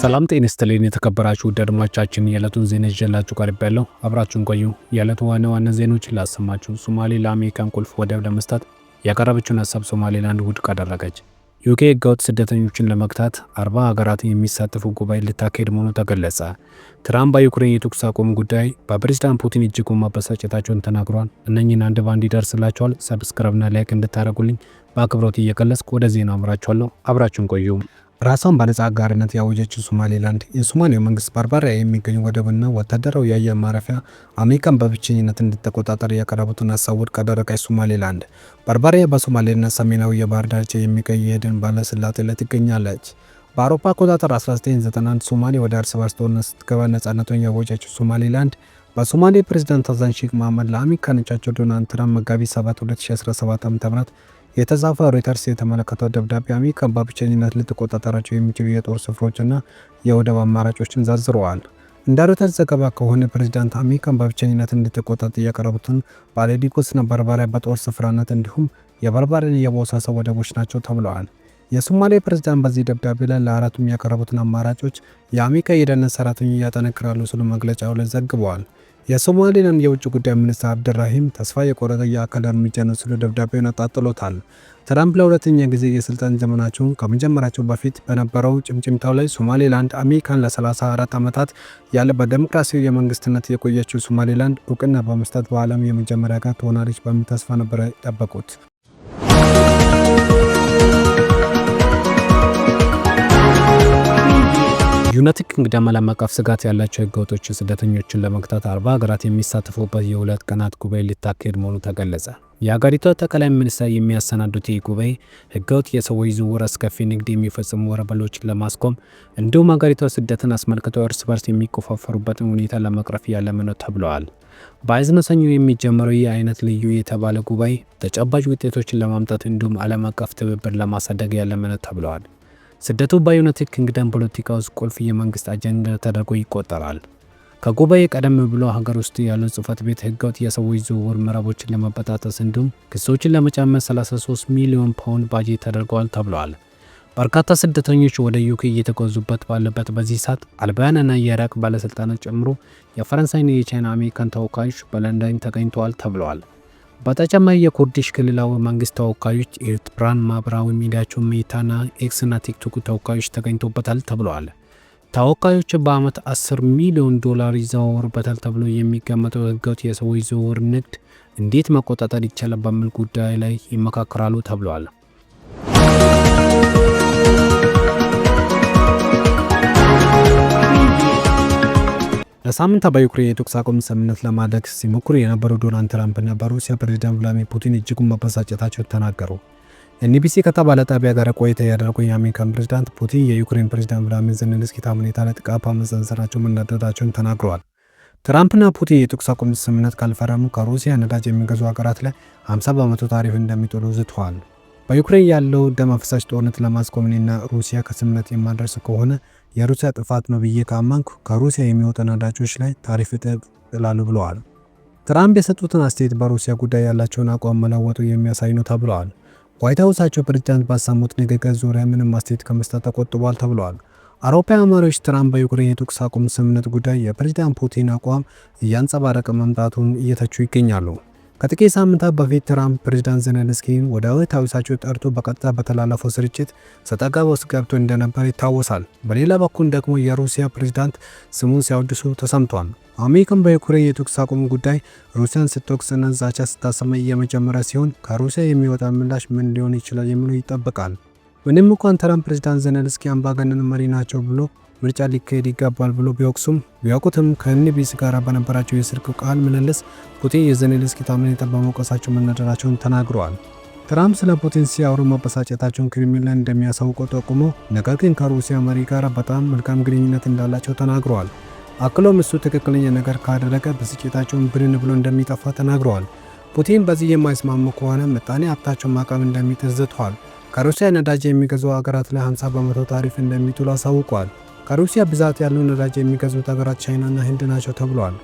ሰላም ጤና ይስጥልኝ የተከበራችሁ ውድ አድማጮቻችን፣ የዕለቱን ዜና ይዤላችሁ ቀርቤያለሁ። አብራችሁን ቆዩ። የዕለቱ ዋና ዋና ዜናዎች ላሰማችሁ። ሶማሌ ለአሜሪካን ቁልፍ ወደብ ለመስጠት ያቀረበችውን ሀሳብ ሶማሌላንድ ውድቅ አደረገች። ዩኬ ህገወጥ ስደተኞችን ለመግታት አርባ ሀገራት የሚሳተፉ ጉባኤ ልታካሄድ መሆኑ ተገለጸ። ትራምፕ በዩክሬን የተኩስ አቁም ጉዳይ በፕሬዝዳንት ፑቲን እጅግ ማበሳጨታቸውን ተናግሯል። እነኚህን አንድ ባንድ ይደርስላቸዋል። ሰብስክራብና ላይክ እንድታደረጉልኝ በአክብሮት እየገለጽኩ ወደ ዜና አምራችኋለሁ። አብራችሁን ቆዩ። ራሷን በነጻ አጋርነት ያወጀችው ሶማሌላንድ የሶማሌው መንግስት ባርባሪያ የሚገኙ ወደብና ወታደራዊ የአየር ማረፊያ አሜሪካን በብቸኝነት እንድትቆጣጠር ያቀረቡትን ሀሳብ ውድቅ አደረገች። ሶማሌላንድ ባርባሪያ በሶማሌና ሰሜናዊ የባህር ዳርቻ የሚገኝ የኤደን ባለስላጤ ላይ ትገኛለች። በአውሮፓ አቆጣጠር 1991 ሶማሌ ወደ እርስ በርስ ጦርነት ስትገባ ነጻነቷን ያወጀችው ሶማሌላንድ በሶማሌ ፕሬዚዳንት ሀሰን ሼክ መሐመድ ለአሜሪካኖቻቸው ዶናልድ ትራምፕ መጋቢት 7 2017 ዓ.ም የተጻፈው ሮይተርስ የተመለከተው ደብዳቤ አሜሪካ በብቸኝነት ልትቆጣጠራቸው የሚችሉ የጦር ስፍሮችና የወደብ አማራጮችን ዘርዝረዋል። እንደ ሮይተርስ ዘገባ ከሆነ ፕሬዚዳንት አሜሪካን በብቸኝነት እንድትቆጣጠር ያቀረቡትን ባሌዲኮስና በርበሪያ በጦር ስፍራነት እንዲሁም የበርበሬን የቦሳሶ ወደቦች ናቸው ተብለዋል። የሶማሌ ፕሬዝዳንት በዚህ ደብዳቤ ላይ ለአራቱም ያቀረቡትን አማራጮች የአሜሪካ የደህንነት ሰራተኞች ያጠነክራሉ ሲሉ መግለጫው ላይ ዘግበዋል። የሶማሌላንድ የውጭ ጉዳይ ሚኒስትር አብድራሂም ተስፋ የቆረጠ የአካል እርምጃ ነው ሲሉ ደብዳቤውን አጣጥሎታል። ትራምፕ ለሁለተኛ ጊዜ የስልጣን ዘመናቸውን ከመጀመራቸው በፊት በነበረው ጭምጭምታው ላይ ሶማሌላንድ አሜሪካን ለ34 ዓመታት ያለ በዴሞክራሲያዊ የመንግስትነት የቆየችው ሶማሌላንድ እውቅና በመስጠት በዓለም የመጀመሪያ ጋር ትሆናለች በሚል ተስፋ ነበረ የጠበቁት። ዩናይትድ ኪንግደም ዓለም አቀፍ ስጋት ያላቸው ህገወጦችን ስደተኞችን ለመግታት አርባ ሀገራት የሚሳተፉበት የሁለት ቀናት ጉባኤ ሊታካሄድ መሆኑ ተገለጸ። የአገሪቷ ጠቅላይ ሚኒስትር የሚያሰናዱት ይህ ጉባኤ ህገወጥ የሰዎች ዝውውር፣ አስከፊ ንግድ የሚፈጽሙ ወረበሎችን ለማስቆም እንዲሁም አገሪቷ ስደትን አስመልክቶ እርስ በርስ የሚቆፋፈሩበትን ሁኔታ ለመቅረፍ ያለመ ነው ተብለዋል። በአዝነ ሰኞ የሚጀምረው ይህ አይነት ልዩ የተባለ ጉባኤ ተጨባጭ ውጤቶችን ለማምጣት እንዲሁም ዓለም አቀፍ ትብብር ለማሳደግ ያለመ ነው ተብለዋል። ስደቱ በዩናይትድ ኪንግደም ፖለቲካ ውስጥ ቁልፍ የመንግስት አጀንዳ ተደርጎ ይቆጠራል። ከጉባኤ ቀደም ብሎ ሀገር ውስጥ ያሉ ጽህፈት ቤት ህገወጥ የሰዎች ዝውውር መረቦችን ለመበጣጠስ እንዲሁም ክሶችን ለመጨመር 33 ሚሊዮን ፓውንድ ባጀት ተደርገዋል ተብሏል። በርካታ ስደተኞች ወደ ዩኬ እየተጓዙበት ባለበት በዚህ ሰዓት አልባያን እና የኢራቅ ባለሥልጣናት ጨምሮ የፈረንሳይና የቻይና አሜሪካን ተወካዮች በለንደን ተገኝተዋል ተብለዋል። በተጨማሪ የኩርዲሽ ክልላዊ መንግስት ተወካዮች ኤርትራን ማህበራዊ ሚዲያቸው ሜታና ኤክስና ቲክቶክ ተወካዮች ተገኝቶበታል ተብለዋል። ተወካዮች በአመት 10 ሚሊዮን ዶላር ይዘዋወርበታል ተብሎ የሚገመተው ህገወጥ የሰዎች ዝውውር ንግድ እንዴት መቆጣጠር ይቻላል በሚል ጉዳይ ላይ ይመካከራሉ ተብለዋል። በሳምንት በዩክሬን የተኩስ አቁም ስምምነት ለማድረግ ሲሞክሩ የነበሩ ዶናልድ ትራምፕና በሩሲያ ፕሬዚዳንት ቭላዲሚር ፑቲን እጅጉን መበሳጨታቸው ተናገሩ። ኤንቢሲ ከተባለ ጣቢያ ጋር ቆይታ ያደረጉ የአሜሪካን ፕሬዚዳንት ፑቲን የዩክሬን ፕሬዚዳንት ቭላዲሚር ዜሌንስኪ ታምኔታ ላይ ጥቃት በመሰንዘራቸው መናደዳቸውን ተናግረዋል። ትራምፕና ፑቲን የተኩስ አቁም ስምምነት ካልፈረሙ ከሩሲያ ነዳጅ የሚገዙ ሀገራት ላይ 50 በመቶ ታሪፍ እንደሚጥሉ ዝተዋል። በዩክሬን ያለው ደም አፍሳሽ ጦርነት ለማስቆምና ሩሲያ ከስምምነት የማደርስ ከሆነ የሩሲያ ጥፋት ነው ብዬ ካመንኩ ከሩሲያ የሚወጡ ነዳጆች ላይ ታሪፍ እጥብ እጥላለሁ ብለዋል። ትራምፕ የሰጡትን አስተያየት በሩሲያ ጉዳይ ያላቸውን አቋም መለወጡ የሚያሳይ ነው ተብለዋል። ዋይት ሀውሳቸው ፕሬዚዳንት ባሰሙት ንግግር ዙሪያ ምንም አስተያየት ከመስጠት ተቆጥቧል ተብለዋል። አውሮፓ መሪዎች ትራምፕ በዩክሬን የተኩስ አቁም ስምምነት ጉዳይ የፕሬዚዳንት ፑቲን አቋም እያንጸባረቀ መምጣቱን እየተቹ ይገኛሉ። ከጥቂት ሳምንታት በፊት ትራምፕ ፕሬዚዳንት ዜለንስኪን ወደ ዋይት ሃውሳቸው ጠርቶ በቀጥታ በተላለፈው ስርጭት ሰጠቃ ውስጥ ገብቶ እንደነበር ይታወሳል። በሌላ በኩል ደግሞ የሩሲያ ፕሬዚዳንት ስሙን ሲያወድሱ ተሰምቷል። አሜሪካን በዩክሬን የተኩስ አቁም ጉዳይ ሩሲያን ስትወቅስና ዛቻ ስታሰማ እየመጀመረ ሲሆን ከሩሲያ የሚወጣ ምላሽ ምን ሊሆን ይችላል የሚለው ይጠበቃል። ምንም እንኳን ትራምፕ ፕሬዚዳንት ዜለንስኪ አምባገነን መሪ ናቸው ብሎ ምርጫ ሊካሄድ ይገባል ብሎ ቢወቅሱም ቢያውቁትም ከኤንቢሲ ጋር በነበራቸው የስልክ ቃል ምልልስ ፑቲን የዘኔልስኪ ታማኝነት በመውቀሳቸው መናደራቸውን ተናግረዋል። ትራምፕ ስለ ፑቲን ሲያወሩ መበሳጨታቸውን ክሬምሊን እንደሚያሳውቀ ጠቁሞ፣ ነገር ግን ከሩሲያ መሪ ጋር በጣም መልካም ግንኙነት እንዳላቸው ተናግረዋል። አክሎም እሱ ትክክለኛ ነገር ካደረገ ብስጭታቸውን ብንን ብሎ እንደሚጠፋ ተናግረዋል። ፑቲን በዚህ የማይስማሙ ከሆነ ምጣኔ ሀብታቸውን ማዕቀብ እንደሚጥል ከሩሲያ ነዳጅ የሚገዙ ሀገራት ላይ 50 በመቶ ታሪፍ እንደሚጥሉ አሳውቋል። ከሩሲያ ብዛት ያለው ነዳጅ የሚገዙት ሀገራት ቻይናና ህንድ ናቸው ተብሏል።